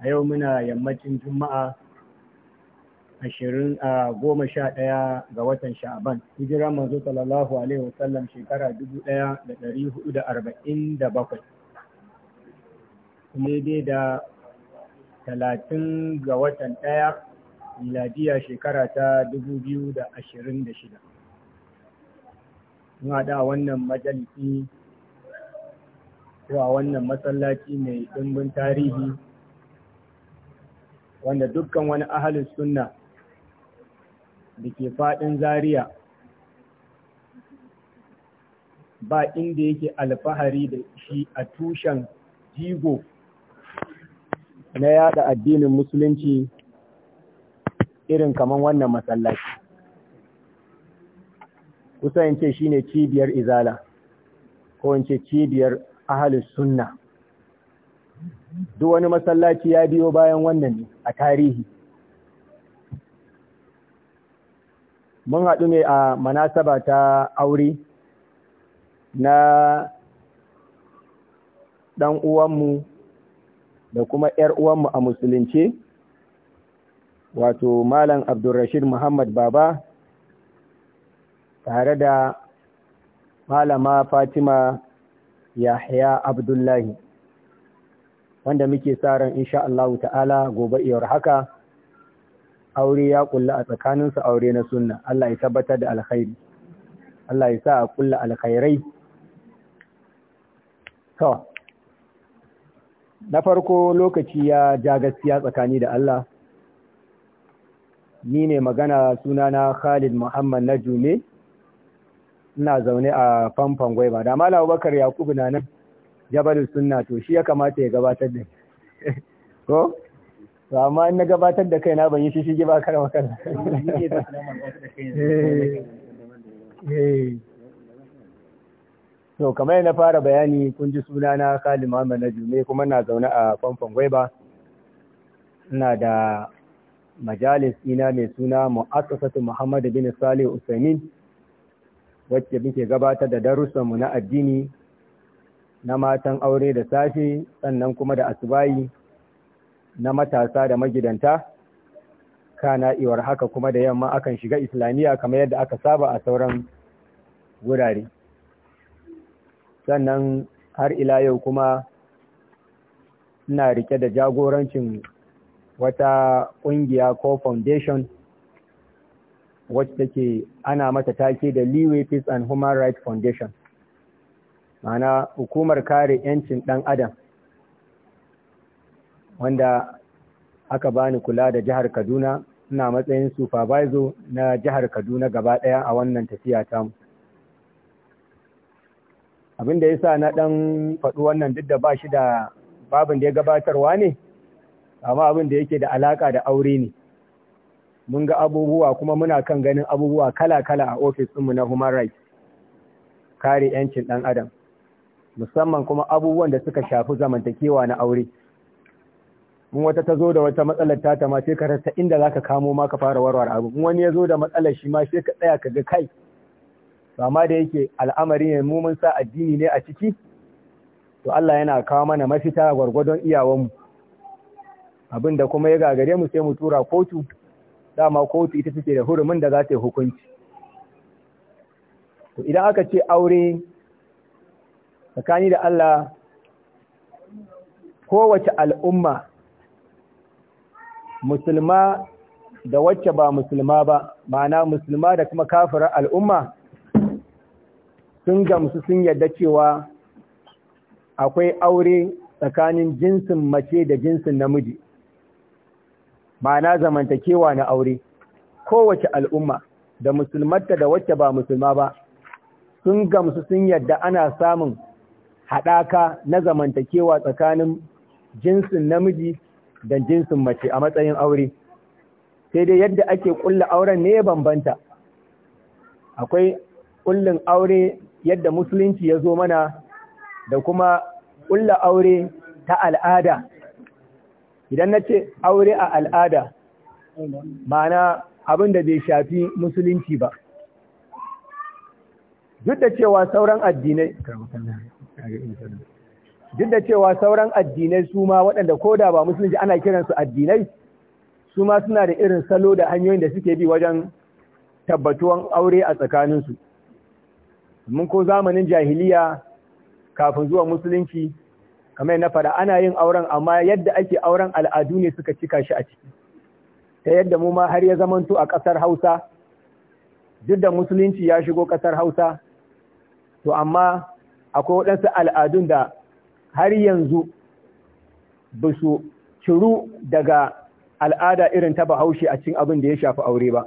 a yau muna yammacin juma'a ashirin a ah, goma sha ɗaya ga watan sha'aban hijira manzo sallallahu alaihi wasallam shekara dubu ɗaya da ɗari hudu da arba'in da bakwai kuma dai da talatin ga watan ɗaya miladiya shekara ta dubu biyu da ashirin da shida Muna da wannan majalisi ko a wannan masallaci mai ɗimbin tarihi wanda dukkan wani ahalin sunna da ke faɗin zaria ba inda yake alfahari da shi a tushen jigo na yada addinin musulunci irin kaman wannan masallaci kusa yance ce shine cibiyar izala ko yance cibiyar ahalin sunna duk wani masallaci ya biyo bayan wannan a tarihi mun haɗu ne a manasaba ta aure na ɗan uwanmu da kuma ‘yar uwanmu a musulunce wato malam abdulrashid muhammad baba tare da malama fatima yahya abdullahi wanda muke sa ran insha Allah ta'ala gobe iyar haka aure ya kulla a tsakaninsu aure na sunna Allah ya tabbatar da alkhairi Allah ya sa a kulla alkhairai to na farko lokaci ya ja gaskiya tsakani da Allah ni ne magana sunana Khalid Muhammad Najume ina zaune a famfan gwaiba da Malam Bakar Yakubu na nan jabalul sunna to shi ya kamata ya gabatar da ko to amma in na gabatar da kaina ban yi shi shi ba kar makar eh. Eh. to kamar na fara bayani kun ji suna na Khalid Muhammad na Jume kuma na zaune a famfon Gwaiba ina da majalis ina mai suna Mu'assasatu Muhammad bin Salih Usaimin wacce muke gabatar da darussan mu na addini na matan aure da safe sannan kuma da asubayi na matasa da magidanta kana iwar haka kuma da yamma akan shiga islamiyya kamar yadda aka saba a sauran wurare sannan har ila yau kuma ina rike da jagorancin wata ƙungiya ko foundation wacce take ana mata take da Leeway Peace and Human Rights Foundation ma'ana hukumar kare 'yancin ɗan adam wanda aka bani kula da jihar kaduna ina matsayin supervisor na jihar kaduna gaba ɗaya a wannan tafiya tamu abin da ya sa na ɗan faɗi wannan duk da ba shi da babin da ya gabatarwa ne amma abin da yake da alaƙa da aure ne mun ga abubuwa kuma muna kan ganin abubuwa kala-kala a ofis ɗinmu na human rights kare 'yancin ɗan adam musamman kuma abubuwan da suka shafi zamantakewa na aure in wata ta zo da wata matsalar tata ma sai ka rasa inda za ka kamo ma ka fara warwar abu in wani ya zo da matsalar shi ma sai ka tsaya ka ga kai Bama da yake al'amari ne mu mun sa addini ne a ciki to Allah yana kawo mana mafita gwargwadon iyawanmu abinda kuma ya gagare mu sai mu tura kotu dama kotu ita take da hurumin da za ta yi hukunci to idan aka ce aure tsakani da Allah kowace al'umma musulma da wacce ba musulma ba ma'ana musulma da kuma kafirar al'umma sun gamsu sun yadda cewa akwai aure tsakanin jinsin mace da jinsin namiji ma'ana zamantakewa na aure kowace al'umma da musulmatta da wacce ba musulma ba sun gamsu sun yadda ana samun haɗaka na zamantakewa tsakanin jinsin namiji da jinsin mace a matsayin aure sai dai yadda ake ƙulla auren ne ya bambanta akwai ƙullin aure yadda musulunci ya zo mana da kuma ƙulla aure ta al'ada idan na ce aure a al'ada ma'ana abin da bai shafi musulunci ba duk da cewa sauran addinai duk da cewa sauran addinai su ma waɗanda ko da ba musulunci ana kiransu addinai su ma suna da irin salo da hanyoyin da suke bi wajen tabbatuwan aure a tsakaninsu mun ko zamanin jahiliya kafin zuwa musulunci kamar na fara ana yin auren amma yadda ake auren al'adu ne suka cika shi a ciki ta yadda mu ma har ya zamanto a ƙasar hausa duk da musulunci ya shigo ƙasar hausa to amma akwai waɗansu al'adun da har yanzu ba su ciru daga al'ada irin ta bahaushe a cikin abin da ya shafi aure ba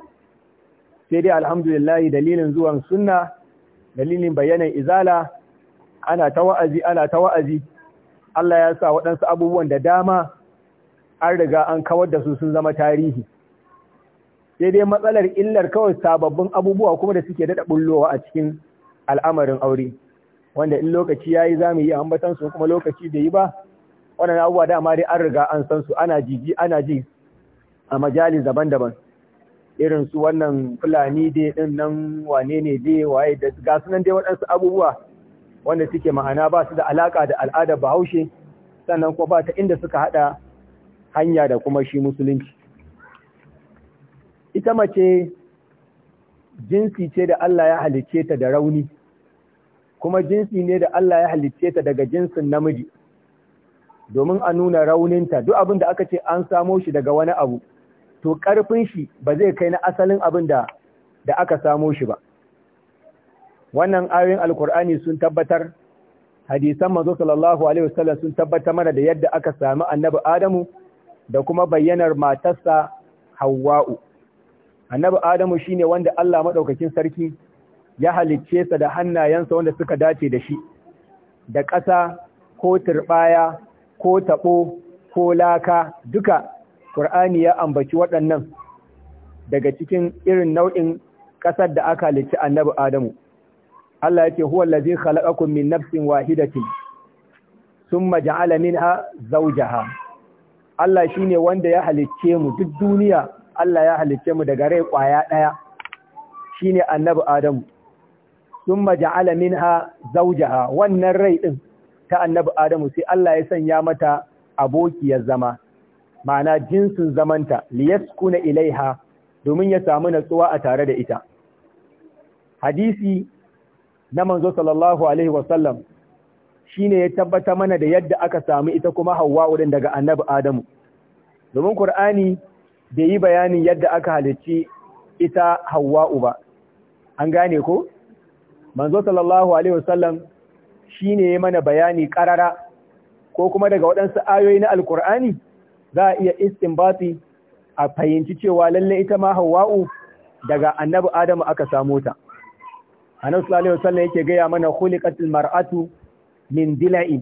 sai dai alhamdulillahi dalilin zuwan sunna dalilin bayanan izala ana ta wa'azi ana ta wa'azi Allah ya sa waɗansu abubuwan da dama an riga an kawar da su sun zama tarihi sai dai matsalar illar kawai sababbin abubuwa kuma da suke daɗa ɓullowa a cikin al'amarin aure wanda in lokaci ya za zamu yi ambatan su kuma lokaci bai yi ba wannan abubuwa dama dai an riga an san su ana jiji ana ji a majali daban-daban irin su wannan fulani dai din nan wane ne dai waye da ga sunan dai waɗansu abubuwa wanda suke ma'ana ba su da alaka da al'adar Bahaushe sannan kuma ba ta inda suka haɗa hanya da kuma shi musulunci ita mace jinsi ce da Allah ya halicce ta da rauni kuma jinsi ne da Allah ya halicce ta daga jinsin namiji domin a nuna rauninta duk abin da aka ce an samo shi daga wani abu to ƙarfin shi ba zai kai na asalin abin da da aka samo shi ba wannan ayoyin alkur'ani sun tabbatar hadisan manzo sallallahu alaihi wasallam sun tabbatar mana da yadda aka sami annabi Adamu da kuma bayyanar matarsa Hawwa'u annabi Adamu shine wanda Allah madaukakin sarki ya halicce sa da hannayensa wanda suka dace da shi da ƙasa ko turɓaya ko taɓo ko laka duka ƙur'ani ya ambaci waɗannan daga cikin irin nau'in ƙasar da aka halicci annabi Adamu. Allah yake huwa allazi khalaqakum min nafsin wahidatin thumma ja'ala minha zawjaha. Allah shine wanda ya halicce mu duk duniya Allah ya halicce mu daga rai ƙwaya ɗaya shine annabi Adamu. sun maja'ala minha zaujaha wannan rai ɗin ta annabi Adamu sai Allah ya sanya mata abokiyar zama, ma'ana jinsin zamanta, kuna ilaiha domin ya samu natsuwa a tare da ita. Hadisi na manzo sallallahu Alaihi wasallam shi ne ya tabbata mana da yadda aka samu ita kuma hawa wurin daga annabi Adamu. Domin Kur'ani bai yi bayanin yadda aka halicci ita Hawwa'u uba, an gane ko? manzo sallallahu alaihi wasallam shine ya mana bayani karara ko kuma daga waɗansu ayoyi na alkur'ani za a iya istinbati a fahimci cewa lalle ita ma hawa'u daga annabi adamu aka samo ta annabi sallallahu alaihi wasallam yake gaya mana khuliqatil mar'atu min dila'in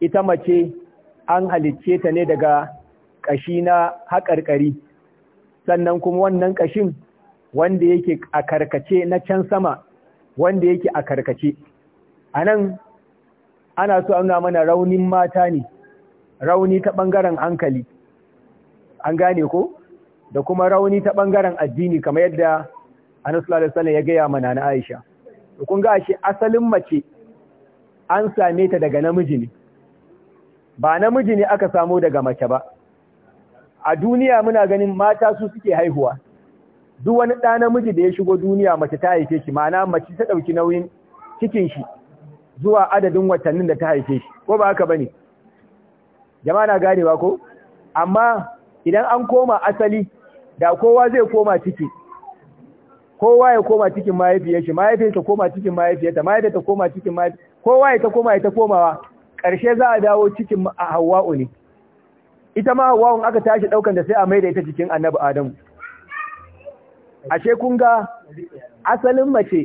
ita mace an halicce ta ne daga kashi na haƙarƙari sannan kuma wannan kashin wanda yake a karkace na can sama wanda yake a karkace a nan ana so an mana raunin mata ne rauni ta bangaren hankali an gane ko da kuma rauni ta ɓangaren addini kamar yadda Annabi ya gaya mana na Aisha kun ga shi asalin mace an same ta daga namiji ne ba namiji ne aka samu daga mace ba a duniya muna ganin mata su suke haihuwa duk wani ɗa namiji da ya shigo duniya mace ta haife shi ma'ana mace ta ɗauki nauyin cikin shi zuwa adadin watannin da ta haife shi ko ba haka bane jama'a na ganewa ko amma idan an koma asali da kowa zai koma ciki kowa ya koma cikin mahaifiyar shi mahaifiyar ta koma cikin mahaifiyar ta mahaifiyar ta koma cikin mahaifiyar kowa ya ta koma ya ta komawa ƙarshe za a dawo cikin hawa'u ne ita ma hawa'un aka tashi ɗaukan da sai a maida ita cikin annabi adamu ashe kun ga asalin mace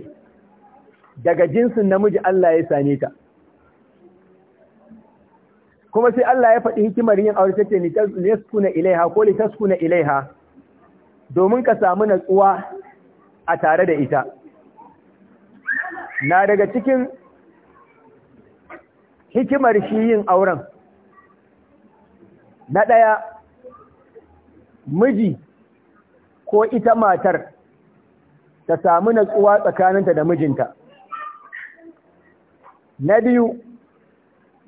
daga jinsin namiji Allah ya same ta kuma sai Allah ya faɗi hikimar yin aure tace ni taskuna ilaiha ko li taskuna ilaiha domin ka samu natsuwa a tare da ita na daga cikin hikimar shi yin auren na ɗaya miji ko ita matar ta samu natsuwa tsakaninta da mijinta na biyu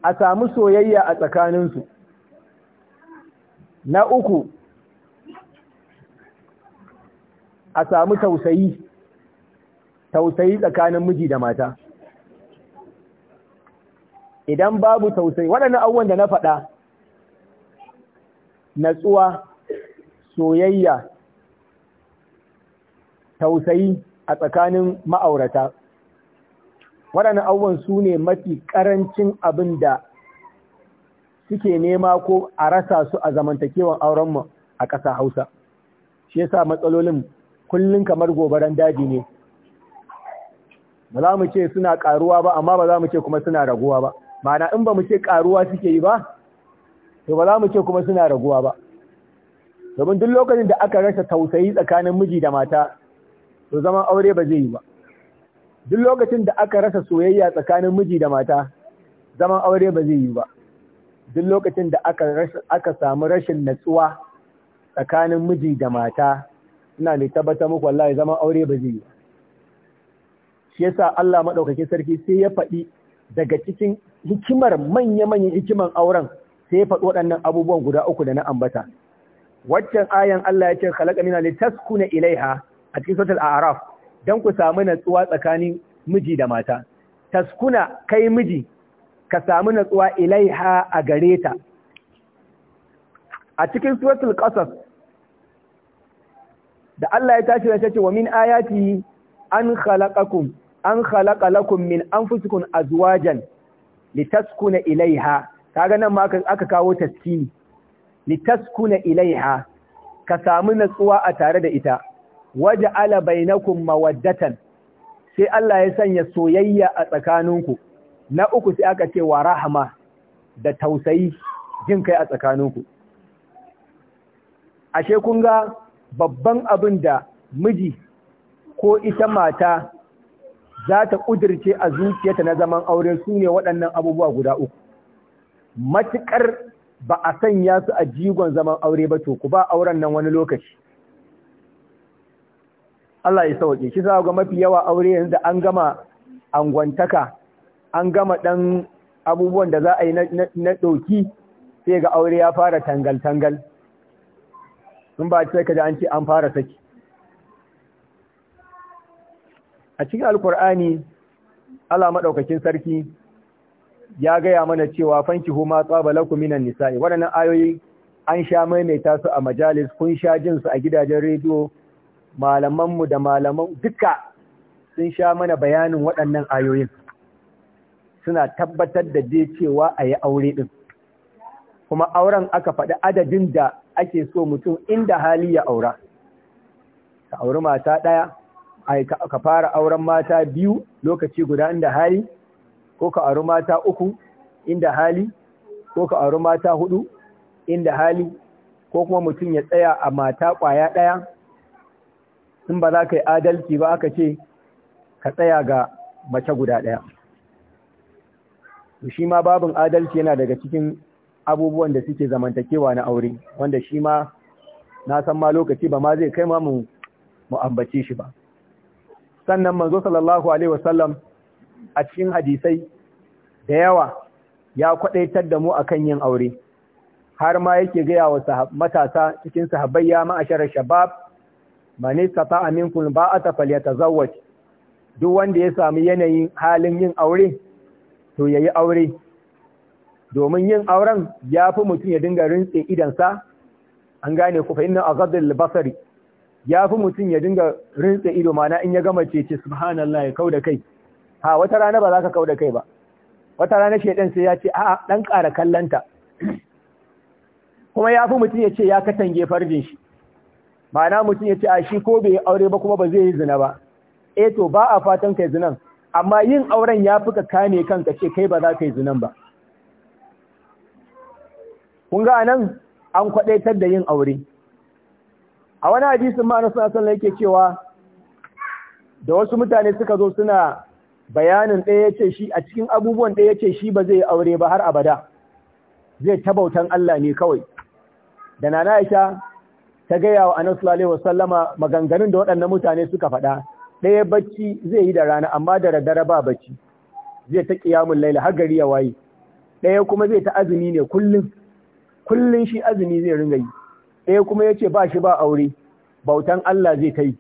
a samu soyayya a tsakaninsu na uku a samu tausayi tausayi tsakanin miji da mata idan babu tausayi waɗannan abubuwan da na faɗa natsuwa soyayya tausayi a tsakanin ma'aurata waɗannan abubuwan su ne mafi ƙarancin abin da suke nema ko a rasa su a zamantakewan aurenmu a ƙasa hausa shi yasa matsalolin kullum kamar gobaran daji ne ba za mu ce suna ƙaruwa ba amma ba za mu ce kuma suna raguwa ba ma'ana in ba mu ce ƙaruwa suke yi ba to ba za mu ce kuma suna raguwa ba domin duk lokacin da aka rasa tausayi tsakanin miji da mata to zaman aure ba zai yi ba duk lokacin da aka rasa soyayya tsakanin miji da mata zaman aure ba zai yi ba duk lokacin da aka aka samu rashin natsuwa tsakanin miji da mata ina ne tabbata muku wallahi zaman aure ba zai yi ba shi yasa Allah madaukakin sarki sai ya faɗi daga cikin hikimar manya-manyan hikiman auren sai ya faɗi waɗannan abubuwan guda uku da na ambata. Waccan ayan Allah ya ce khalaqa mina taskuna ilaiha a cikin a a'raf dan ku sami natsuwa tsakanin miji da mata taskuna kai miji ka samu natsuwa ilaiha a gare ta a cikin sautar ƙasar da Allah ya tashi ya ce wa min ayati an khalaqakum an khalaqa lakum min anfusikum azwajan litaskuna ilaiha kaga nan ma aka kawo taskini litaskuna ilaiha ka sami natsuwa a tare da ita ala waj'ala kun mawaddatan sai Allah ya sanya soyayya a tsakaninku na uku sai aka ce wa rahama da tausayi jin kai a tsakaninku ashe kun ga babban abin da miji ko ita mata za ta ƙudirce a zuciyarta na zaman aure su ne waɗannan abubuwa guda uku. Matuƙar ba a sanya su a jigon zaman aure ba to ku ba auren nan wani lokaci. Allah ya sauke shi za ga mafi yawa aure yanzu an gama angwantaka an gama dan abubuwan da za a yi na ɗauki sai ga aure ya fara tangal-tangal sun ba sai ka an ce an fara saki a cikin alkur'ani Allah maɗaukakin sarki ya gaya mana cewa fanki huma tsaba lakum minan nisa'i waɗannan ayoyi an sha maimaita su a majalis kun sha jin su a gidajen rediyo malamanmu da malaman duka sun sha mana bayanin waɗannan ayoyin suna tabbatar da dai cewa a yi aure ɗin kuma auren aka faɗi adadin da ake so mutum inda hali ya aura ka auri mata ɗaya ka fara auren mata biyu lokaci guda inda hali ko ka auri mata uku inda hali ko ka auri mata hudu inda hali ko kuma mutum ya tsaya a mata ƙwaya ɗaya in ba za ka yi adalci ba aka ce ka tsaya ga mace guda ɗaya shi ma babin adalci yana daga cikin abubuwan da suke zamantakewa na aure wanda shi ma na san ma lokaci ba ma zai kai ma mu ambace shi ba sannan manzo sallallahu alaihi wasallam a cikin hadisai da yawa ya kwadaitar da mu akan yin aure har ma yake gaya wa matasa cikin sahabbai ya ma'ashara shabab man istata'a minkum ta zawaci duk wanda ya sami yanayin halin yin aure to ya yi aure domin yin auren ya fi mutum ya dinga rintse idansa an gane ku fa inna aghadul basari ya fi mutum ya dinga rintse ido mana in ya gama cece subhanallah ya kauda kai ha wata rana ba za ka kauda kai ba wata rana shedan sai ya ce a'a dan kara kallanta kuma ya fi mutum ya ce ya katange farjin shi ma'ana mutum ya ce a shi ko bai aure ba kuma ba zai yi zina ba eh to ba a fatan kai zinan amma yin auren ya fi ka kame kanka ce kai ba za ka yi zinan ba kun ga anan an kwadaitar da yin aure a wani hadisin ma suna son yake cewa da wasu mutane suka zo suna bayanin ɗaya yace shi a cikin abubuwan ɗaya yace shi ba zai yi aure ba har abada zai tabautan Allah ne kawai da nana Aisha ta gaya wa Anas sallallahu alaihi wasallama maganganun da waɗannan mutane suka faɗa ɗaya bacci zai yi da rana amma da daddare ba bacci zai ta qiyamul layl har gari ya waye ɗaya kuma zai ta azumi ne kullun kullun shi azumi zai ringa yi ɗaya kuma yace ba shi ba aure bautan Allah zai kai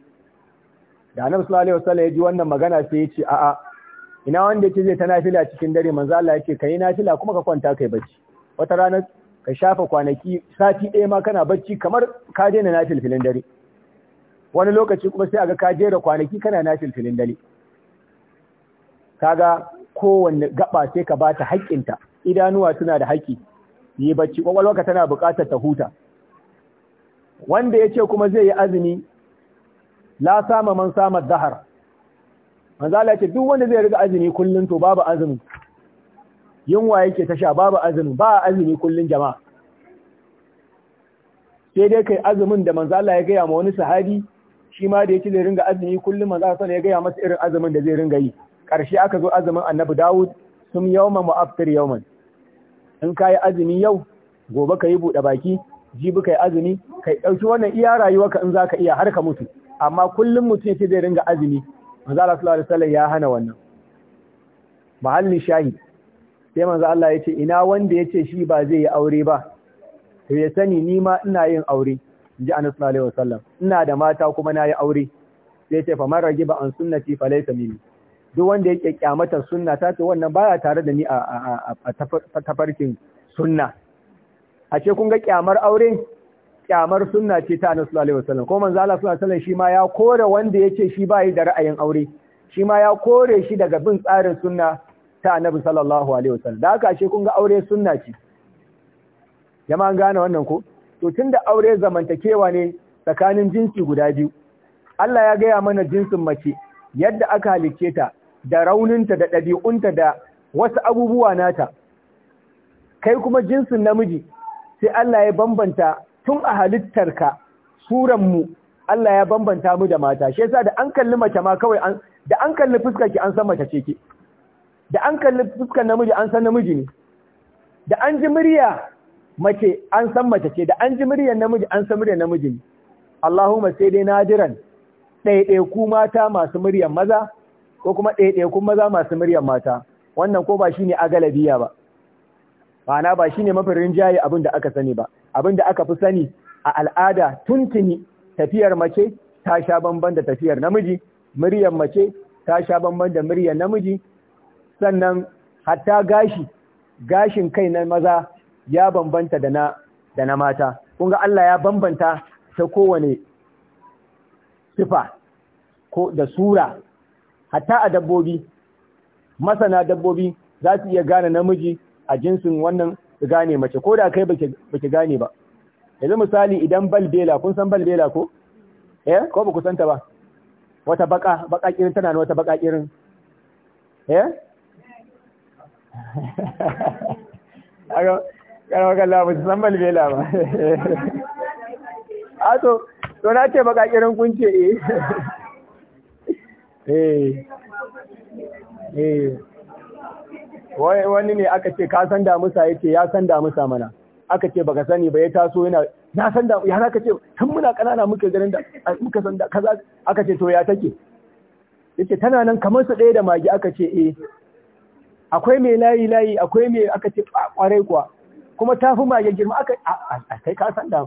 da Anas sallallahu alaihi wasallam ya ji wannan magana sai ya ce a'a ina wanda ce zai ta nafila cikin dare manzo Allah yake kai nafila kuma ka kwanta kai bacci wata rana ka shafa kwanaki sati ɗaya ma kana bacci kamar ka daina na filfilin dare wani lokaci kuma sai a ga ka jera kwanaki kana na filfilin dare kaga kowanne gaba sai ka bata haƙƙinta idanuwa suna da haƙƙi yi bacci ka tana buƙatar ta huta wanda ya ce kuma zai yi azumi la sama man samar zahar manzala ce duk wanda zai riga azumi kullum to babu azumi. yunwa yake tasha babu azumi ba azumi kullun jama'a sai dai kai azumin da manzo Allah ya gaya ma wani sahabi shi ma da yake zai ringa azumi kullum manzo Allah ya gaya masa irin azumin da zai ringa yi karshe aka zo azumin Annabi Dawud sum yawma mu'aftir yawman in kai azumi yau gobe kai bude baki jibi kai azumi kai dauki wannan iya rayuwarka in zaka iya har ka mutu amma kullum mutum yake zai ringa azumi manzo Allah sallallahu alaihi wasallam ya hana wannan mahallin shahid sai manzo Allah ya ce ina wanda ya ce shi ba zai yi aure ba to ya sani ni ma ina yin aure inji Anas sallallahu alaihi wasallam ina da mata kuma na yi aure sai ya ce fa man ragiba an sunnati fa laysa minni duk wanda yake kyamata sunna ta ce wannan baya tare da ni a tafarkin sunna a ce kun ga kyamar aure kyamar sunna ce ta Anas sallallahu alaihi wasallam ko manzo Allah sallallahu alaihi wasallam shi ma ya kore wanda yace shi ba yi da ra'ayin aure shi ma ya kore shi daga bin tsarin sunna ta annabi sallallahu alaihi wasallam da haka ashe kun ga aure sunna ce jama'an gane wannan ko to tunda aure zamantakewa ne tsakanin jinsi guda biyu Allah ya gaya mana jinsin mace yadda aka halicce ta da rauninta da ɗabi'unta da wasu abubuwa nata kai kuma jinsin namiji sai Allah ya bambanta tun a halittarka mu Allah ya bambanta mu da mata shi yasa da an kalli mace ma kawai an, da an kalli fuskar ki an san mace ce ki da an kalli fuskar namiji an san namiji ne da an ji murya mace an san mace ce da an ji muryar namiji an san muryar namiji ne Allahumma sai dai nadiran ɗaiɗaiku mata masu muryar maza ko kuma ku maza masu muryar mata wannan ko ba shine agalabiya ba ma'ana ba shine mafarin jaye abin da aka sani ba abin da aka fi sani a al'ada tuntuni tafiyar mace ta sha bamban da tafiyar namiji muryar mace ta sha bamban da muryar namiji sannan hatta gashi gashin kai na maza ya bambanta da na da na mata kun ga Allah ya bambanta ta kowane sifa ko da sura hatta a dabbobi masana dabbobi za su iya gane namiji a jinsin wannan su gane mace ko da kai baki gane ba yanzu misali idan balbela kun san balbela ko eh ko ba ku santa ba wata baka baka kirin tana wata baka kirin eh karamar kalla ba su san balbela ba a ah, to to na ce baka kirin kunce eh. eh eh eh wani ne aka ce ka san damusa ya ce ya san damusa mana aka ce baka sani ba ya taso yana na san da ya zaka ce tun muna kanana muke ganin da muka san da kaza aka ce to ya take yace tana nan kamar su ɗaya da magi aka ce eh akwai mai layi layi akwai mai aka ce kwarai kuwa kuma ta fi mage girma aka a kai ka san da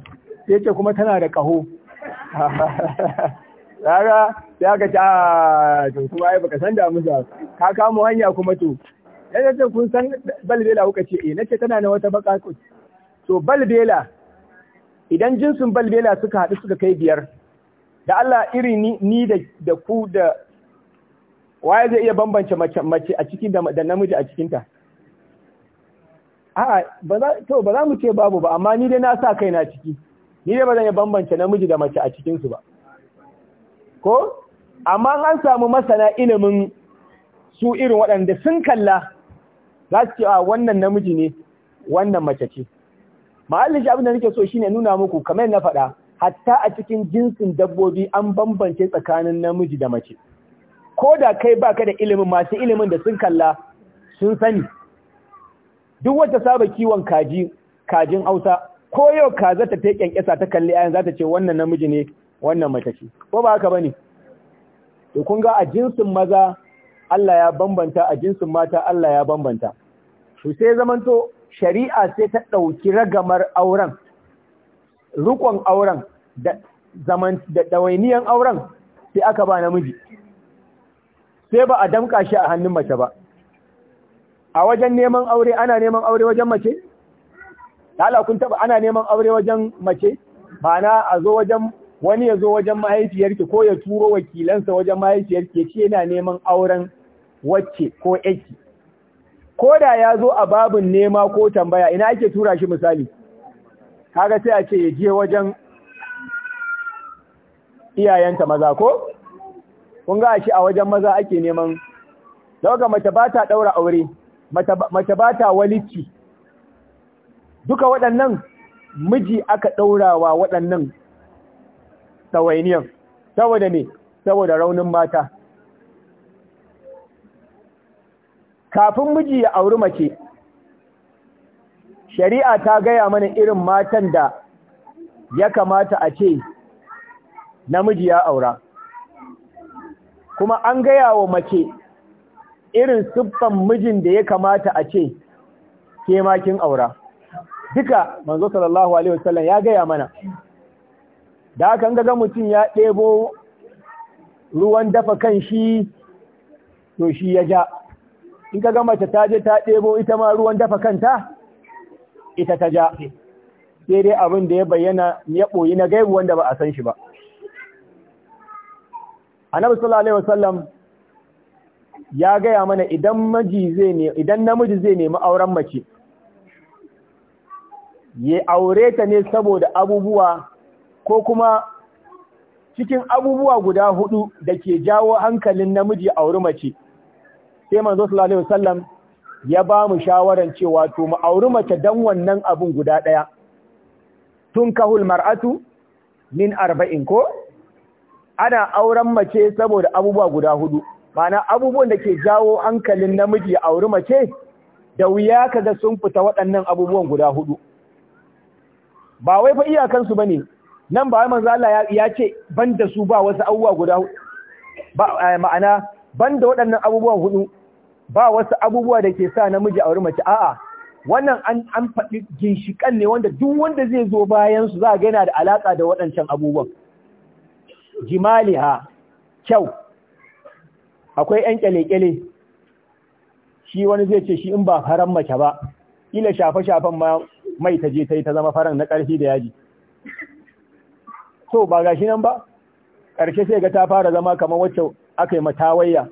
ya ce kuma tana da kaho rara sai aka ce a to kuma ai baka san da musa ka kamo hanya kuma to yadda ce kun san balbela kuka ce eh nace tana na wata baka to balbela idan jinsin balbela suka haɗu suka kai biyar da Allah iri ni da ku da waye zai iya bambance mace a cikin da namiji a cikinta a'a ba to ba za mu ce babu ba amma ni dai na sa kaina ciki ni dai ba zan iya bambance namiji da mace a cikin ba ko amma an samu masana ilimin su irin waɗanda sun kalla za su ce a wannan namiji ne wannan mace ce ma'allin shi abin da nake so shi shine nuna muku kamar na faɗa hatta a cikin jinsin dabbobi an bambance tsakanin namiji da mace ko da kai ba ka da ilimin masu ilimin da sun kalla sun sani duk wata saba kiwon kaji kajin Hausa ko yau kaza ta take kyankyasa ta kalli ayan za ta ce wannan namiji ne wannan matashi? ko ba haka ne? to kun ga a jinsin maza Allah ya bambanta a jinsin mata Allah ya bambanta to sai to shari'a sai ta ɗauki ragamar auren rukon auren da zaman da dawainiyan auren sai aka ba namiji sai ba a damka shi a hannun mace ba a wajen neman aure ana neman aure wajen mace lala kun taba ana neman aure wajen mace ma'ana a zo wajen wani ya zo wajen mahaifiyarki ko ya turo wakilansa wajen mahaifiyarki ya yana neman auren wacce ko yaki ko da ya zo a babin nema ko tambaya ina ake tura shi misali kaga sai a ce ya je wajen iyayenta maza ko kun ga shi a wajen maza ake neman daga mace ba ta daura aure mace ba ta walici duka waɗannan miji aka wa waɗannan tawainiyar saboda ne saboda raunin mata kafin miji ya auri mace shari'a ta gaya mana irin matan da ya kamata a ce namiji ya aura kuma an gaya wa mace irin siffan mijin da ya kamata a ce ke makin aura duka manzo sallallahu alaihi wasallam ya gaya mana da aka ga mutum ya ɗebo ruwan dafa kan shi to shi ya ja in ka ga mace ta je ta ɗebo ita ma ruwan dafa kanta ita ta ja sai dai abin da ya bayyana ya ɓoyi na gaibu wanda ba a san shi ba annabi sallallahu alaihi wasallam ya gaya mana idan maji zai ne idan namiji zai nemi auren mace ya aure ta ne saboda abubuwa ko kuma cikin abubuwa guda hudu da ke jawo hankalin namiji auri mace sai manzo sallallahu alaihi wasallam ya ba mu shawaran cewa to mu auri mace dan wannan abun guda daya tun kahul mar'atu min arba'in ko ana auren mace saboda abubuwa guda hudu ma'ana abubuwan da ke jawo hankalin namiji ya auri mace da wuya kaga sun fita waɗannan abubuwan guda hudu ba wai fa iyakansu bane nan ba manzo Allah ya ce banda su ba wasu abubuwa guda ba eh, ma'ana banda waɗannan abubuwan hudu ba wasu abubuwa da ke sa namiji auri mace a'a wannan an an faɗi ginshikan ne wanda duk wanda zai zo bayan su za ga yana da alaka da waɗancan abubuwan jimaliha kyau akwai ‘yan kyale-kyale shi wani zai ce shi in ba faran mace ba ila shafe-shafen mai ta je ta yi ta zama faran na ƙarfi da yaji so ba ga shi nan ba ƙarshe sai ga ta fara zama kamar wacce aka yi matawaiya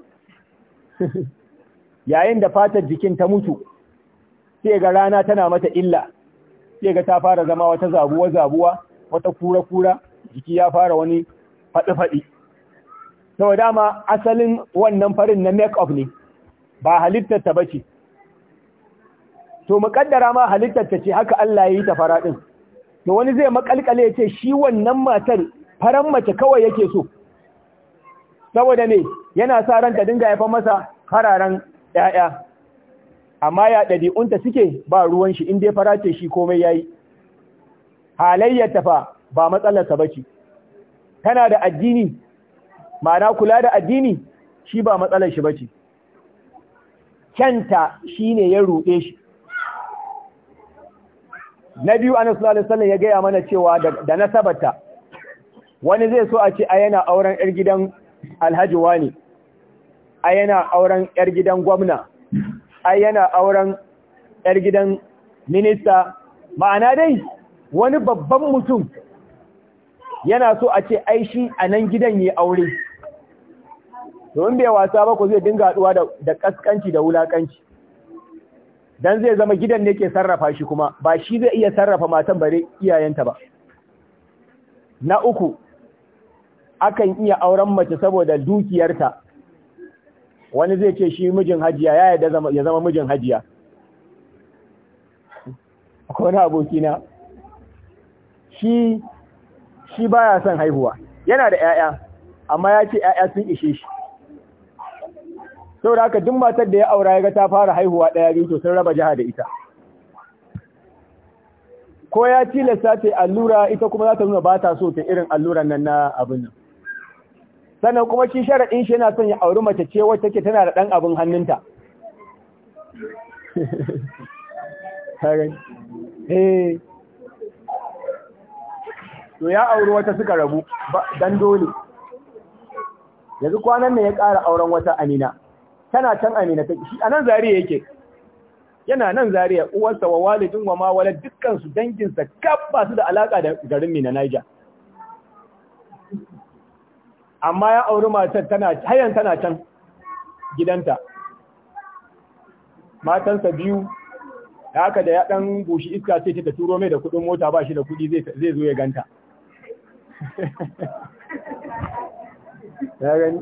yayin da fatar jikin ta mutu sai ga rana tana mata illa sai ga ta fara zama wata zabuwa-zabuwa wata kura-kura jiki ya fara wani faɗi-faɗi. Sau dama asalin wannan farin na make-up ne, ba halittar ta bace. To, muƙaddara ma halittarta ce haka Allah ya yi ta fara ɗin. To, wani zai ya ce shi wannan matar faran mace kawai yake so. Saboda ne, yana sa ran ta dinga haifar masa fararen ‘ya'ya, amma ya ɗabi'unta suke ba ruwan shi inda ya fara shi komai ya yi. Halayyar tafa ba matsalarsa ba ce. tana da addini ma'ana kula da addini shi ba matsalar shi bace kyanta shine ya ruɗe shi na biyu annabi sallallahu alaihi ya gaya mana cewa da nasabata wani zai so a ce a yana auren yar gidan alhaji wani a yana auren yar gidan gwamna a yana auren yar gidan minista ma'ana dai wani babban mutum yana so a ce ai shi a nan gidan yi aure domin bai wasa ba ku zai dinga haɗuwa da kaskanci da wulakanci dan zai zama gidan ne ke sarrafa shi kuma ba shi zai iya sarrafa matan bare iyayenta ba na uku akan iya auren mace saboda dukiyarta wani zai ce shi mijin hajiya ya yadda ya zama mijin hajiya ko na abokina shi shi ba ya son haihuwa yana da 'ya'ya, amma ya ce 'ya'ya sun ishe shi saboda haka duk matar da ya aura ya ga ta fara haihuwa ɗaya biyu to sun raba jiha da ita ko ya tilasta ta allura ita kuma za ta nuna ba ta so ta irin alluran nan na abin nan sannan kuma shi sharaɗin shi yana son ya auri mace ce wacce take tana da ɗan abin hannunta eh to ya auri wata suka rabu dan dole yanzu kwanan ne ya ƙara auren wata amina tana can amina take shi anan zariya yake yana nan zariya uwarsa wa walidin wa ma walad dukkan su dangin sa su da alaka da garin Mina Niger amma ya auri matar tana hayan tana can gidanta matansa biyu haka da ya ɗan bushi iska ce ta turo mai da kudin mota ba shi da kudi zai zo ya ganta ya gani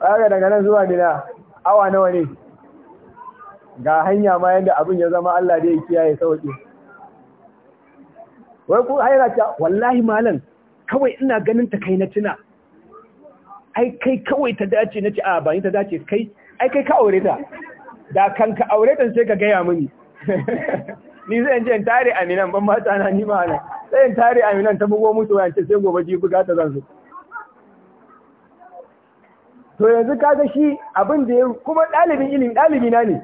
ga daga nan zuwa mina awa nawa ne ga hanya ma yadda abin ya zama Allah da ya kiyaye sauƙi wai ku haira ta wallahi malam kawai ina ganin ta kai na tuna ai kai kawai ta dace na ci a ba ni ta dace kai ai kai ka aure ta da kan ka aure ta sai ka gaya mini ni zan je in tare a nan ban mata na ni ma tsayin in tare aminan ta bugo mutu, wayan sai gobe ji guda ta zan su to yanzu kaga shi abin da ya kuma ɗalibin ilimi ɗalibi na ne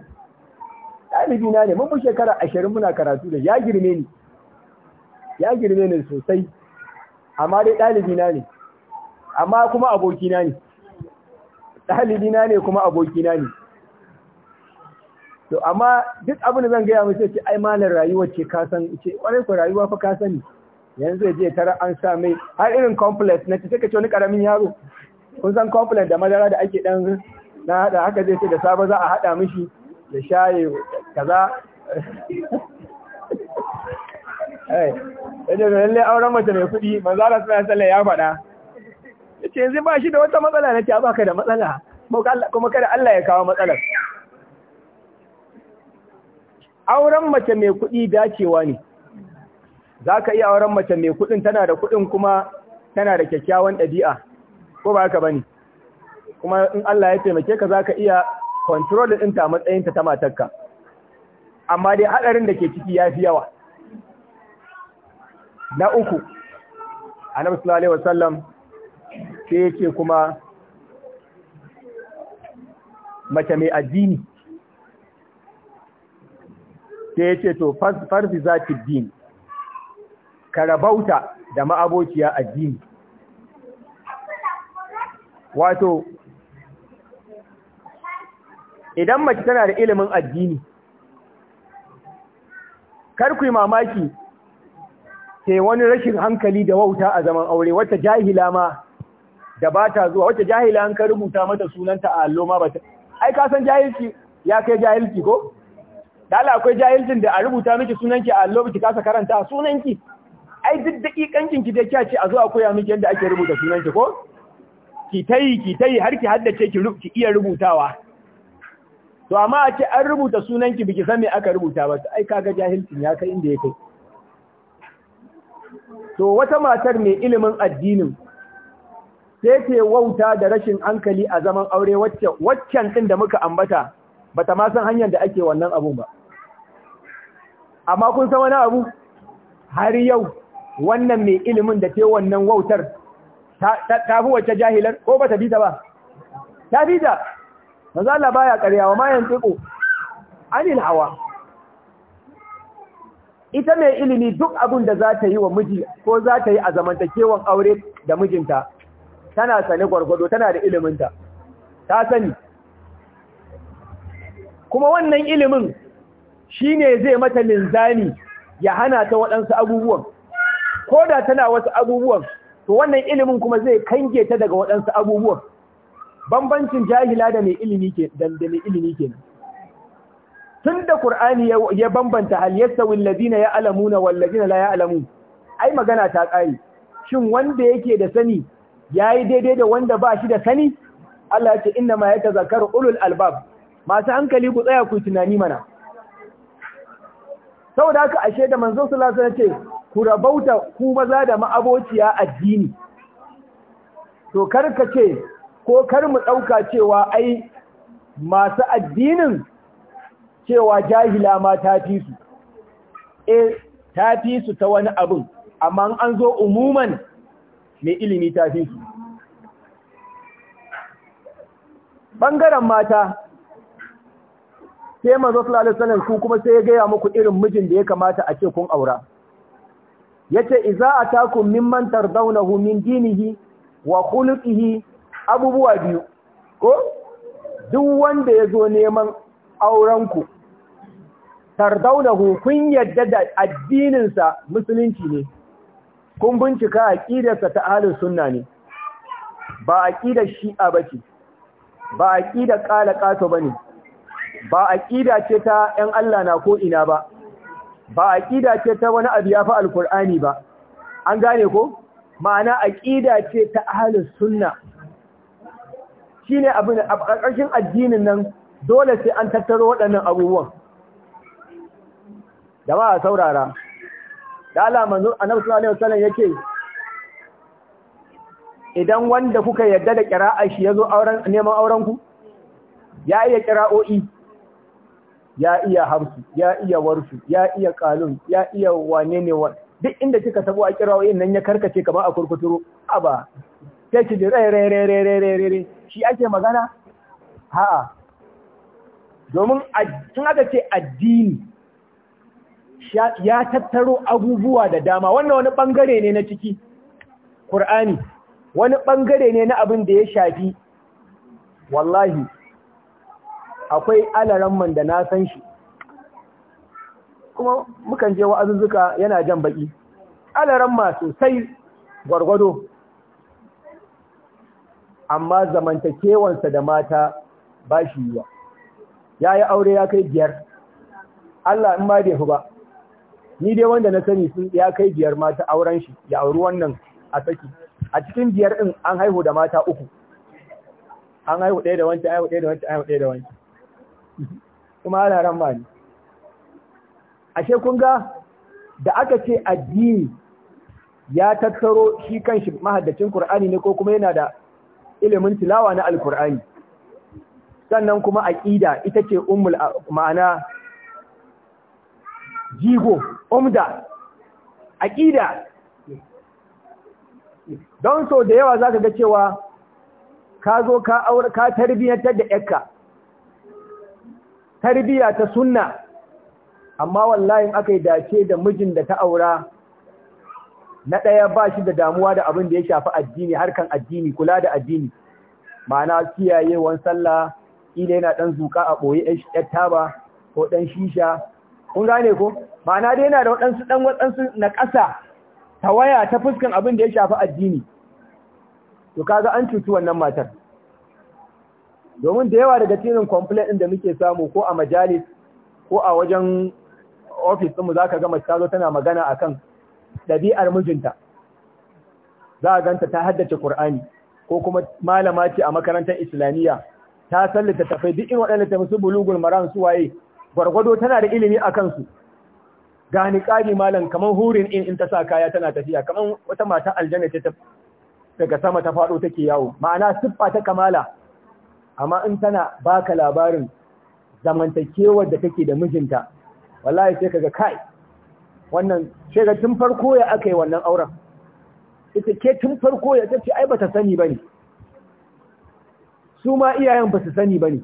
ɗalibi na ne mun shekara ashirin muna karatu da ya girme ni ya girme ni sosai amma dai ɗalibi na ne amma kuma aboki na ne ɗalibi na ne kuma aboki na ne to amma duk abin da zan gaya mai sai ce ai malar rayuwar ce ka san ce kwarai ku rayuwa fa ka sani yanzu je tara an sa mai har irin complex na ce take wani karamin yaro kun san complex da madara da ake dan na hada haka zai ce da sabo za a hada mishi da shaye kaza ai da lalle auren mace mai kuɗi manzo Allah sallallahu alaihi ya faɗa yace yanzu ba shi da wata matsala nake ba ka da matsala kuma kada Allah ya kawo matsalar auren mace mai kuɗi dacewa ne za ka iya auren mace mai kuɗin tana da kuɗin kuma tana da kyakkyawan ɗabi'a ko ba haka ba ne kuma in Allah ya taimake ka za ka iya control ɗinta matsayinta ta matarka amma dai haɗarin da ke ciki ya fi yawa na uku annabi sallallahu alaihi wasallam sai yake kuma mace mai addini sai ya ce to farzi za ki din ka rabauta da ma'abokiya addini wato idan mace tana da ilimin addini kar ku mamaki sai wani rashin hankali da wauta a zaman aure wata jahila ma da ba ta zuwa wata jahila an ka rubuta mata sunanta a allo ma ba ai ka san jahilci ya kai jahilci ko da Allah akwai jahilcin da a rubuta miki sunanki a allo biki kasa karanta sunanki ai duk dakikankin ki da kya ce a zo a koya miki yadda ake rubuta sunanki ko ki tayi ki tayi har ki haddace ki ki iya rubutawa to amma a ce an rubuta sunanki biki san me aka rubuta ba ai kaga jahilcin ya kai inda ya kai to wata matar mai ilimin addinin sai ce wauta da rashin hankali a zaman aure waccan din da muka ambata ba ta ma san hanyar da ake wannan abun ba amma kun san wani abu har yau wannan mai ilimin da ke wannan wautar ta fi wacce jahilar ko ba ta bi ba ta bi ta manzo Allah baya wa ma tsiko anil hawa ita mai ilimi duk abun da za ta yi wa miji ko za ta yi a zamantakewan aure da mijinta tana sani gwargwado tana da iliminta ta sani kuma wannan ilimin shi ne zai mata linzami ya hana ta waɗansu abubuwan ko da tana wasu abubuwan to wannan ilimin kuma zai kange ta daga waɗansu abubuwan bambancin jahila da mai ilimi ke da mai ilimi ke tun da qur'ani ya bambanta hal yasawi alladhina ya'lamuna wal ladina la ya'lamun ai magana ta ƙari shin wanda yake da sani yayi daidai da wanda ba shi da sani Allah ya ce inna ma Zakar ulul albab masu hankali ku tsaya ku tunani mana Sau da aka ashe da manzo su lasa ce ku rabauta ku maza da ma'abociya addini to kar ce ko kar mu ɗauka cewa ai masu addinin cewa jahila ma ta fi su e ta fi su ta wani abin amma an zo umuman mai ilimi ta fi su bangaren mata sai manzo sallallahu alaihi wasallam ku kuma sai ya gaya muku irin mijin da ya kamata a ce kun aura yace iza atakum mimman tardawnahu min dinihi wa khuluqihi abubuwa biyu ko duk wanda yazo neman auren aurenku tardawnahu kun yadda da addinin sa musulunci ne kun bincika sa ta ahlus sunna ne ba aqidar shi'a bace ba aqidar qala qato bane ba aqida ce ta ɗan Allah na ko ina ba ba aqida ce ta wani abu ya fa alqur'ani ba an gane ko ma'ana aqida ce ta ahlus sunna shine abin a ƙarƙashin addinin nan dole sai an tattaro waɗannan abubuwan da ba a saurara da Allah manzo annabi sallallahu alaihi wasallam yake idan wanda kuka yadda da ƙira'a shi ya zo neman aurenku ya iya ƙira'o'i ya iya hamsu ya iya warsu ya iya kalun ya iya wane ne wa duk inda kika tabo a kirawo nan ya karkace kamar a kurkuturo ba, sai ki re re re re re re shi ake magana ha'a domin tun aka ce addini ya tattaro abubuwa da dama wannan wani bangare ne na ciki Qur'ani wani bangare ne na abin da ya shafi wallahi akwai alaramman da na san shi kuma mukan je wa'azuzzuka yana jan baki alaramma sosai gwargwado amma zamantakewansa da mata ba shi yiwa ya yi aure ya kai biyar Allah in ba bai fi ba ni dai wanda na sani sun ya kai biyar mata auren shi ya auri wannan a saki a cikin biyar din an haihu da mata uku an haihu ɗaya da wancan haihu ɗaya da wancan haihu ɗaya da wancan kuma ana ran ne ashe kun ga da aka ce addini ya tattaro shi kanshi mahaddacin Kur'ani ne ko kuma yana da ilimin tilawa na Al-Qur'ani sannan kuma aqida ita ce ummul ma'ana jigo umda aqida don so da yawa zaka ga cewa ka zo ka aure ka tarbiyantar da yakka tarbiya ta sunna amma wallahi aka yi dace da mijin da ta aura na ɗaya ba shi da damuwa da abin da ya shafi addini harkan addini kula da addini ma'ana kiyayewan sallah ila yana ɗan zuka a ɓoye ‘yar taba ko ɗan shisha kun gane ko ma'ana dai yana da waɗansu ɗan waɗansu na ƙasa ta waya ta fuskan abin da ya shafi addini to kaga an cuci wannan matar domin da yawa daga cikin complaint din da muke samu ko a majalis ko a wajen office ɗinmu zaka ga mace ta tana magana akan dabi'ar mijinta za a ganta ta haddace Qur'ani ko kuma malama ce a makarantar Islamiyya ta sallata tafai duk irin waɗanda ta musu bulugul maran su waye gwargwado tana da ilimi a kansu ga niƙari malam kamar hurin in in ta sa kaya tana tafiya kamar wata mata aljanna ce daga sama ta faɗo take yawo ma'ana siffa ta kamala amma in tana baka labarin zamantakewar da kake da mijinta wallahi sai kaga kai wannan sai ga tun farko ya aka yi wannan auren ita ke tun farko ya tace ai bata sani bane su ma iyayen ba su sani bane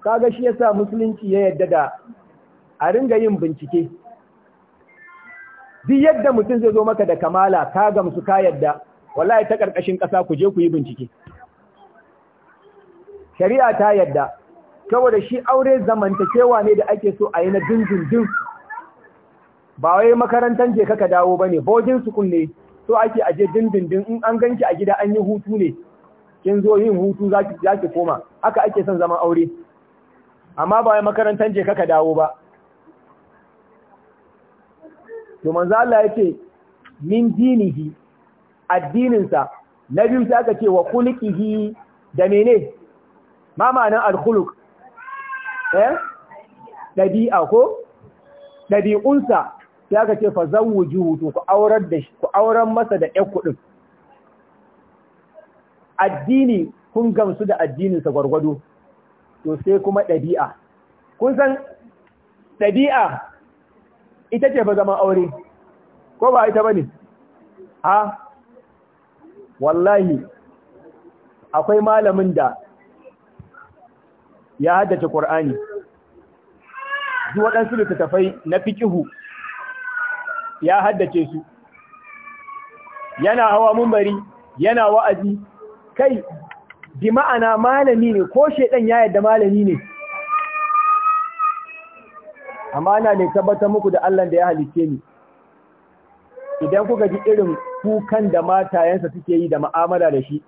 kaga shi yasa musulunci ya yadda da a ringa yin bincike duk yadda mutum zai zo maka da kamala ka gamsu ka yadda wallahi ta karkashin kasa ku je ku yi bincike shari'a ta yadda saboda shi aure zamantakewa ne da ake so a yi na dindindin ba wai makarantar je kaka dawo ba ne bojin sukun ne so ake aje dindindin in an ganki a gida an yi hutu ne kin zo yin hutu za ki koma haka ake son zaman aure amma ba wai makarantar je kaka dawo ba to manzo Allah yake min dinihi addininsa na biyu sai aka ce wa khuliqihi da mene ma ma'anan alkhuluk eh dabi'a ko dabi'unsa ya aka ce fa zawuju to ku aurar da shi ku auren masa da ɗan kuɗin addini kun gamsu da addininsa gwargwado to sai kuma ɗabi'a kun san ɗabi'a ita ce fa zaman aure ko ba ita bane ha wallahi akwai malamin da ya haddace Qur'ani duk waɗansu littattafai na fikihu ya haddace su yana hawa mumbari yana wa'azi kai bi ma'ana malami ne ko shedan ya yadda malami ne amma ana ne tabbatar muku da Allah da ya halice ni idan kuka ji irin kukan da matayensa suke yi da ma'amala da shi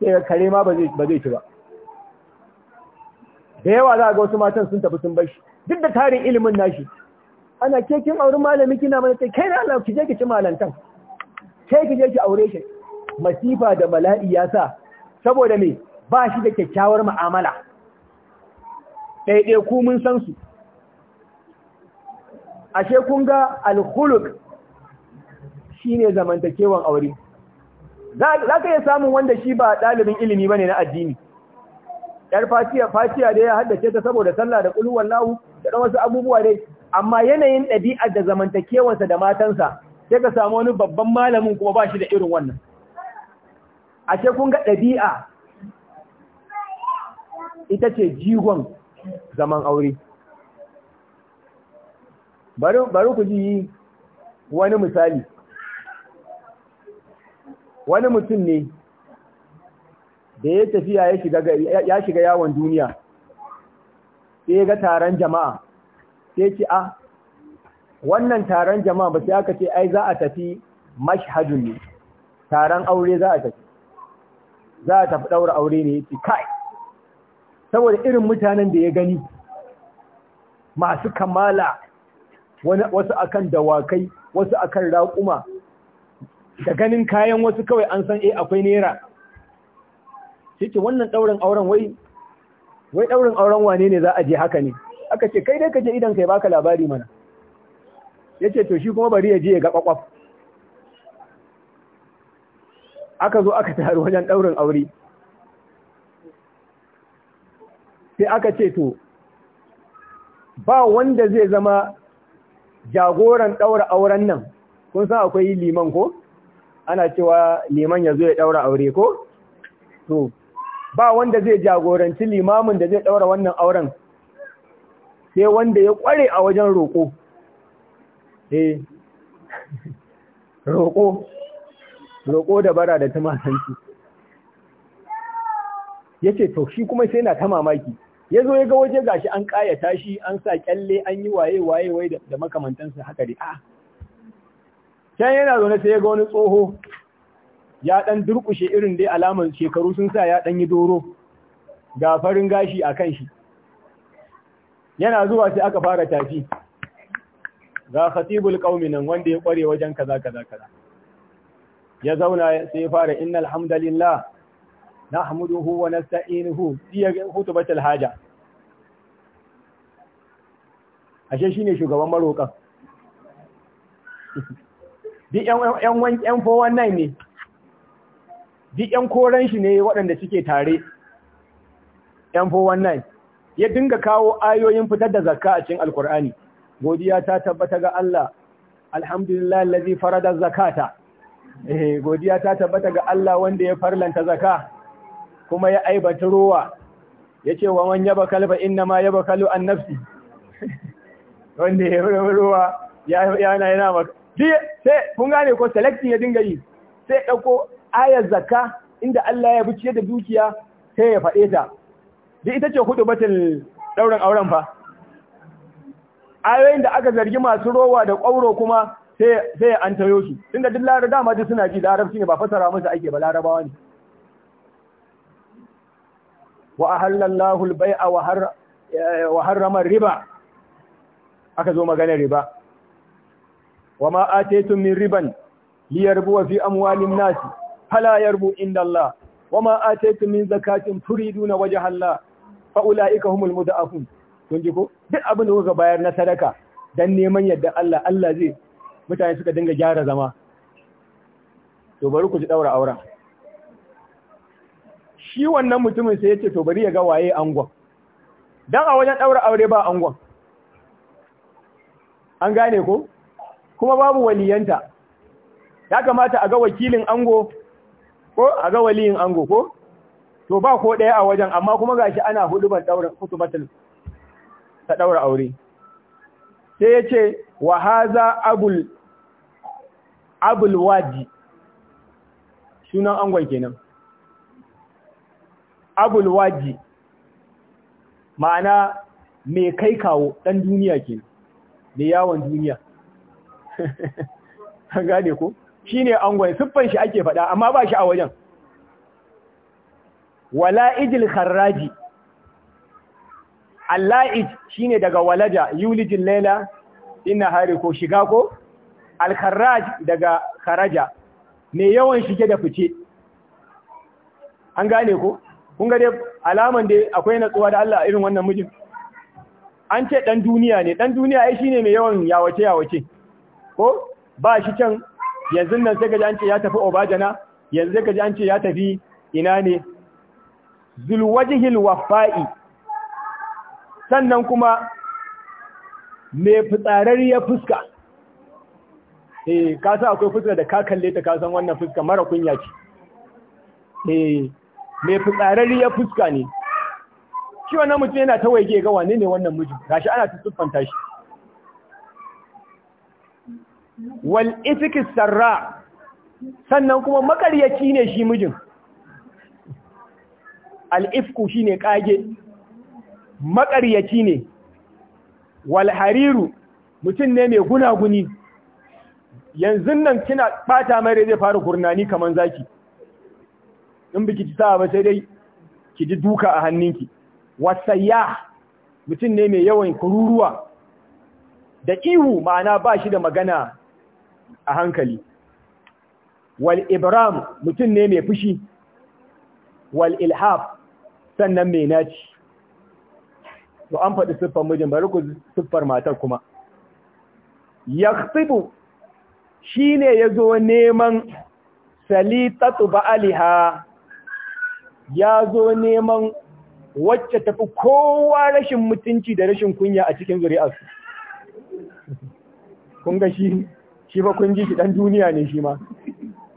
sai kare ma ba zai ci ba da yawa za a ga wasu matan sun tafi sun shi? duk da tarin ilimin nashi ana ke kin auri malami kina mana kai na Allah ki je ki ci malantan kai ki je ki aure shi masifa da bala'i ya sa saboda me ba shi da kyakkyawar mu'amala dai ku mun san su ashe kun ga al-khuluq shine zamantakewan aure za ka iya samun wanda shi ba dalibin ilimi bane na addini yar fatiya fatiya da ya haddace ta saboda sallah da ƙulu wallahu da wasu abubuwa dai amma yanayin ɗabi'ar da zamantakewarsa da matansa sai ka samu wani babban malamin kuma ba shi da irin wannan a ce kun ga ɗabi'a ita ce jigon zaman aure bari ku ji wani misali wani mutum ne da ya tafiya ya shiga ya yawon duniya sai ga taron jama'a sai ce a ah, wannan taron jama'a ba sai aka ce ai za a tafi mashhadun ne taron aure za a tafi za a tafi daura aure ne yace kai saboda irin mutanen da ya gani masu kamala wasu akan dawakai wasu akan raƙuma da ganin kayan wasu kawai an san eh akwai naira Cikin wannan ɗaurin auren wai wai ɗaurin auren wane ne za a je haka ne aka ce kai dai ka je idan kai baka labari mana ya ce to shi kuma bari ya je ya ga kwakwaf aka zo aka taru wajen ɗaurin aure sai aka ce to ba wanda zai zama jagoran ɗaura auren nan kun san akwai liman ko ana cewa liman ya zo ya ɗaura aure ko to ba wanda zai jagoranci limamin da zai ɗaura wannan auren sai wanda ya kware a wajen roƙo eh roƙo roƙo da bara da tumasanci ya ce to shi kuma sai na ta mamaki ya zo ya ga waje gashi an ƙayata shi an sa ƙyalle, an yi waye waye waye da makamantansa haka dai ah can yana zaune sai ya ga wani tsoho ya ɗan durƙushe irin dai alamar shekaru sun sa ya ɗan yi doro ga farin gashi a kan shi yana zuwa sai aka fara tafi ga khatibul qaumi nan wanda ya kware wajen kaza kaza kaza ya zauna sai ya fara innal hamdalillah nahmuduhu wa nasta'inuhu diya hutubatul haja ashe shine shugaban marokan duk yan yan 419 ne duk ‘yan koren shi ne waɗanda suke tare, ‘yan 419, ya dinga kawo ayoyin fitar da zakka a cikin Alkur'ani, godiya ta tabbata ga Allah, alhamdulillah lazi farada zakata, eh, godiya ta tabbata ga Allah wanda ya farlanta zakka, kuma ya aibata ruwa. ya ce wa man yaba kalfa inna ma yaba kalu an nafsi, wanda ya ya yana yana maka. Sai, kun gane ko selecting ya dinga yi, sai ɗauko ayar zakka inda Allah ya buce da dukiya sai ya faɗe ta da ita ce hudu batul ɗaurin auren fa ayoyin da aka zargi masu rowa da ƙwauro kuma sai an tayo su inda duk laraba dama duk suna ji larabci ne ba fasara musu ake ba larabawa ne wa ahallallahu al-bai'a wa harrama riba aka zo magana riba wa ma ataytum min riban buwa fi amwalin nasi فلا يربو عند الله وما آتيتم turidu na تريدون وجه الله فأولئك هم المضعفون kun ji ko duk abin da kuka bayar na sadaka dan neman yadda Allah Allah zai mutane suka dinga gyara zama to bari ku ji daura aura shi wannan mutumin sai yace to bari ya ga waye angon dan a wajen daura aure ba angon an gane ko kuma babu waliyanta ya kamata a ga wakilin ango ko a ga waliyin ango ko to ba ko ɗaya a wajen amma kuma gashi ana hudu ban daura kutubatul ta daura aure sai yace wa haza abul abul wadi sunan angon kenan abul wadi ma'ana mai kai kawo dan duniya kenan da yawon duniya gane ko shine angon siffan shi ake faɗa amma ba shi a wajen wala'ijil kharraji alla'ij shine daga walada yulijil laila inna hari ko shiga ko al daga kharaja me yawan shige da fice an gane ko kun ga dai alaman dai akwai natsuwa da Allah irin wannan mijin an ce dan duniya ne dan duniya ai shine mai yawan yawace yawace ko ba shi can yanzu nan sai gaji an ce ya tafi obajana yanzu sai gaji an ce ya tafi ina ne zulwajihil wafa'i sannan kuma mai ya fuska eh ka sa akwai fuska da ka kalle ta ka san wannan fuska mara kunya ce eh mai ya fuska ne shi wannan mutum yana ta waige ga wane ne wannan mutum gashi ana ta siffanta shi wal ifki sarra sannan kuma makaryaci ne shi mijin al ifku shine kage makaryaci ne wal hariru mutum ne mai gunaguni yanzu nan kina ɓata mai zai fara gurnani kamar zaki in biki ci sa ba sai dai ki ji duka a hannunki wasayya mutum ne mai yawan kururuwa da ihu ma'ana ba shi da magana a hankali wal ibram mutum ne mai fushi wal ilhaf sannan mai naci to an faɗi siffar mijin bari ku siffar matar kuma yaqtibu shine yazo neman salitatu ba'aliha zo neman wacce tafi kowa rashin mutunci da rashin kunya a cikin zuri'arsu kun ga shi shi ba kun ji shi dan duniya ne shi ma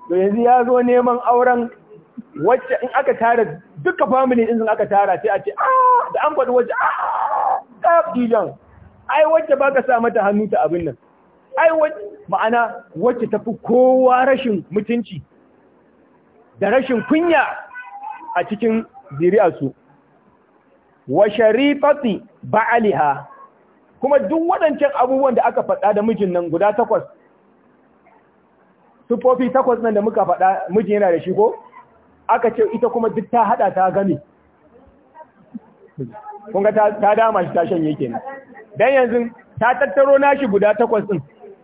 to yanzu ya zo neman auren wacce in aka tara duka family din sun aka tara sai a ce ah da an faɗi wacce ah kaf dijan ai wacce ba ka sa mata hannu ta abin nan ai ma'ana wacce tafi kowa rashin mutunci da rashin kunya a cikin zuri'arsu wa sharifati ba'aliha kuma duk waɗancan abubuwan da aka faɗa da mijin nan guda takwas sufofi takwas nan da muka faɗa miji yana da shi ko aka ce ita kuma duk ta haɗa ta gami kun ga ta dama shi ta shanye kenan dan yanzu ta tattaro nashi guda takwas ɗin.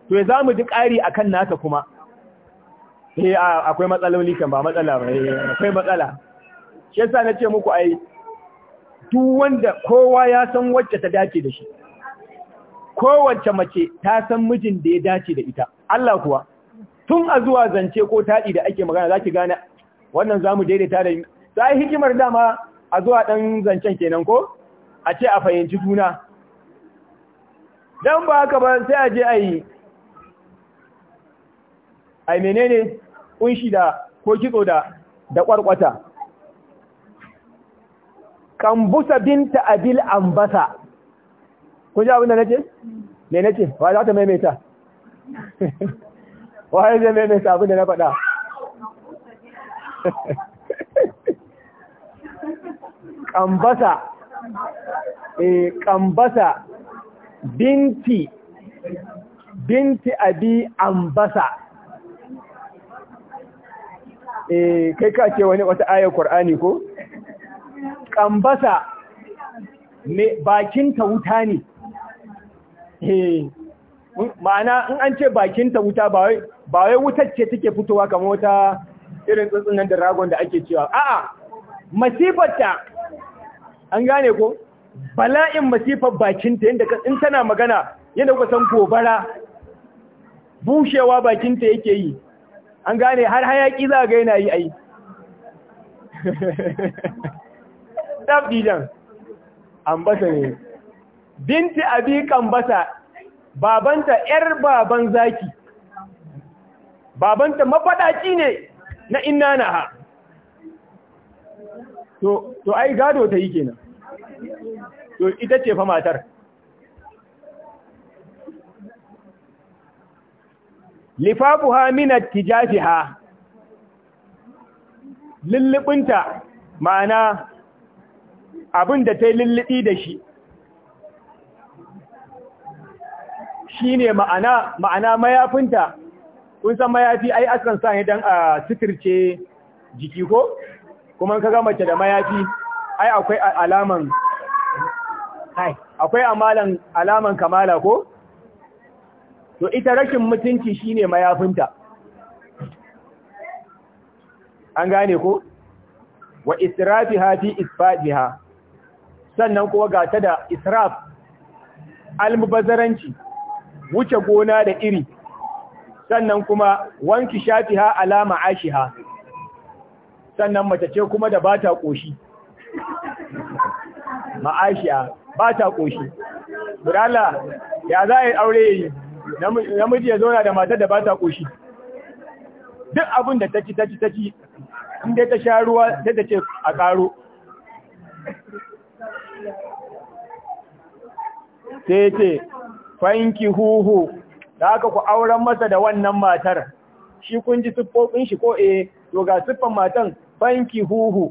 to ya mu ji ƙari a kan nata kuma eh akwai matsaloli kan ba matsala ba eh, akwai matsala shi yasa ce muku ai duk wanda kowa ya san wacce ta dace da shi kowace mace ta san mijin da ya dace da ita Allah kuwa tun a zuwa zance ko taɗi da ake magana za ki gane wannan za mu daidaita da yi hikimar dama a zuwa ɗan zancen kenan ko a ce a fahimci juna don ba haka ba sai a je a yi a menene kunshi da ko kitso da da ƙwarƙwata busa binta abil ambasa kun ji abin da na ce? me na ce? ba za ta maimaita waye zai mai abin da na faɗa ƙambasa e eh, ƙambasa binti binti abi ambasa e kai ka ce wani wata ayar Qur'ani ko ƙambasa me bakinta wuta ne eh ma'ana in an ce bakinta wuta ba wai ba wai wutar ce take fitowa kamar wata irin tsuntsunan nan da ragon da ake cewa a'a masifarta an gane ko bala'in masifar bakinta yadda in tana magana yanda kuka san gobara bushewa bakinta yake yi an gane har hayaki za ga yana yi ai dab dijan basa ne binti abi kambasa babanta yar baban zaki babanta mafaɗaƙi ne na inna na ha to ai gado ta yi kenan to ita ce fa matar lifafuha minat ha. lullubinta ma'ana abin da ta yi lullubi da shi shi ne ma'ana mayafinta kun san mayafi ai akan sa ne dan a sitirce jiki ko kuma ka ga mace da mayafi ai akwai alaman ai akwai amalan alaman kamala ko to ita rashin mutunci shine mayafinta an gane ko wa israfiha fi isfadiha sannan kuwa ga ta da israf almubazaranci wuce gona da iri sannan kuma wanki shafi ha alama ashiha sannan mace ce kuma da ba ta ƙoshi ma'ashiya ba ta ƙoshi burala ya za a yi aure yi namiji ya zauna da matar da ba ta ƙoshi duk abin da ta ci ta ci ta ci inda ta sha ruwa ta ta ce a ƙaro sai ce fanki huhu da haka ku auren masa da wannan matar shi kun ji siffofin shi ko eh to ga siffan matan banki huhu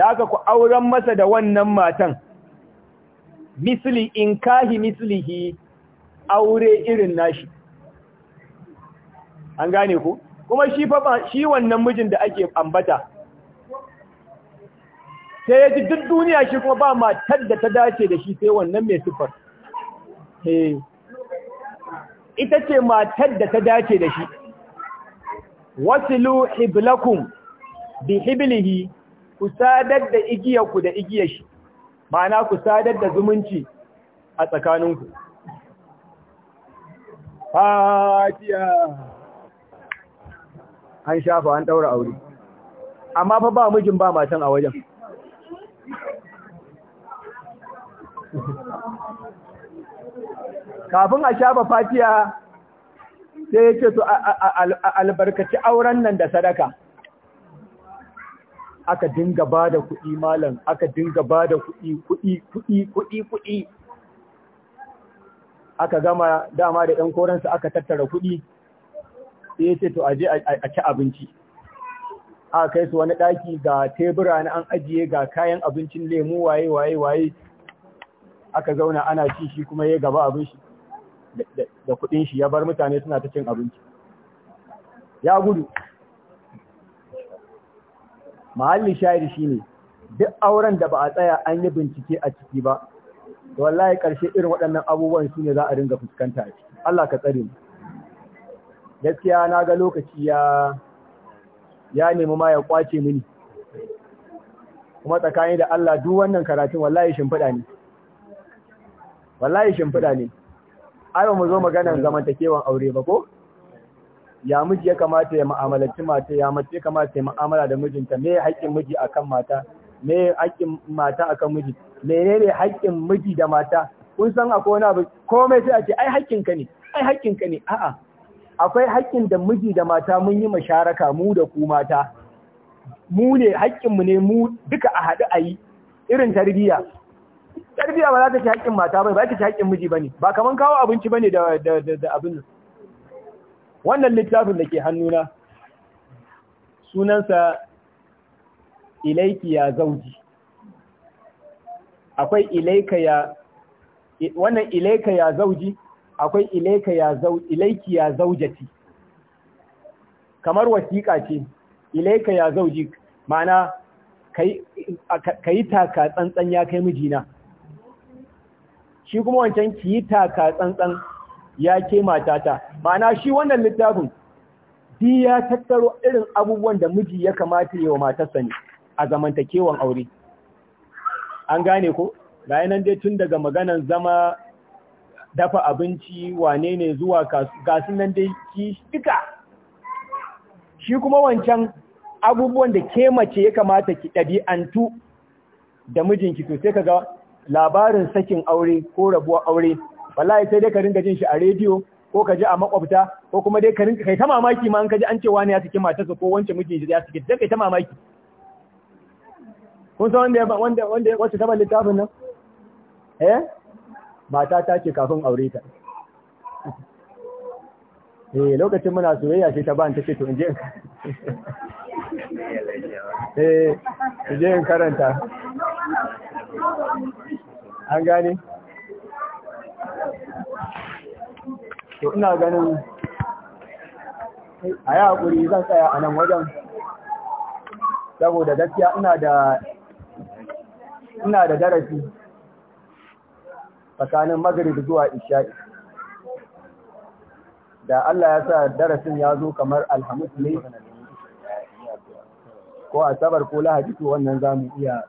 da haka ku auren masa da wannan matan misli in kahi mislihi aure irin nashi an gane ku kuma shi fa shi wannan mijin da ake ambata sai ya ji duk duniya shi kuma ba matar da ta dace da shi sai wannan mai siffar eh ita ce matar da ta dace da shi wasilu hiblakum bi hiblihi ku sadar da igiyarku da igiyar shi mana ku sadar da zumunci a tsakaninku fatiya an shafa an daura aure amma fa ba mijin ba matan a wajen kafin a shafa fatiya sai ya ce su albarkaci auren nan da sadaka aka dinga ba da kuɗi malam aka dinga ba da kuɗi kuɗi kuɗi kuɗi kuɗi aka gama dama da ɗan koransu aka tattara kuɗi sai ya ce to aje a ci abinci aka kai su wani ɗaki ga tebura na an ajiye ga kayan abincin lemu waye waye waye aka zauna ana ci shi kuma ya gaba abin shi da kuɗin shi ya bar mutane suna ta cin abinci ya gudu mahallin shayar shi ne duk auren da ba a tsaya an yi bincike a ciki ba to wallahi ƙarshe irin waɗannan abubuwan su ne za a ringa fuskanta a ciki Allah ka tsare mu gaskiya na ga lokaci ya ya nemi ma ya kwace mini kuma tsakani da Allah duk wannan karatun wallahi shimfiɗa ne wallahi shimfiɗa ne ai ba mu zo maganar zamantakewan aure ba ko ya miji ya kamata ya mu'amalanci mata ya mace ya kamata ya mu'amala da mijinta me haƙƙin miji akan mata me haƙƙin mata akan miji menene haƙƙin miji da mata kun san akwai wani abu komai sai a ce ai haƙƙin ka ne ai haƙƙin ka ne a'a akwai haƙƙin da miji da mata mun yi musharaka mu da ku mata mu ne haƙƙin mu ne mu duka a haɗu a yi irin tarbiyya tarbiya ba za ta ci haƙƙin mata ba ba ta ci haƙƙin miji bane ba kaman kawo abinci bane da da da abin wannan littafin da ke hannuna sunansa ilaiki ya zauji akwai ilaika ya wannan ilaika ya zauji akwai ilaika ya zau ilaiki ya zaujati kamar wasiƙa ce ilaika ya zauji ma'ana kai yi taka tsantsan ya kai mijina shi kuma wancan ki yi taka tsantsan ya ke matata ma'ana shi wannan littafin di ya tattaro irin abubuwan da miji ya kamata yi wa matarsa ne a zamantakewan aure an gane ko ga nan dai tun daga maganan zama dafa abinci wane ne zuwa gasu nan dai ki duka shi kuma wancan abubuwan da ke mace ya kamata ki ɗabi'antu da mijinki to sai ka ga labarin sakin aure ko rabuwa aure wallahi sai dai ka ringa jin shi a rediyo ko ka ji a makwabta ko kuma dai ka rinka kai ta mamaki ma in ka ji an cewa ne ya saki matarsa ko wancan miji ya saki dai kai ta mamaki kun san wanda wanda wanda wacce ta balle tafin nan eh mata ta ce kafin aure ta eh lokacin muna soyayya sai ta ba ta ce to inje eh inje in karanta an gane to ina ganin a yi haƙuri zan tsaya a nan wajen saboda gaskiya ina da darasi tsakanin magrib zuwa isha'i da Allah ya sa darasin ya zo kamar alhamis ne ko asabar ko lahadi to wannan zamu iya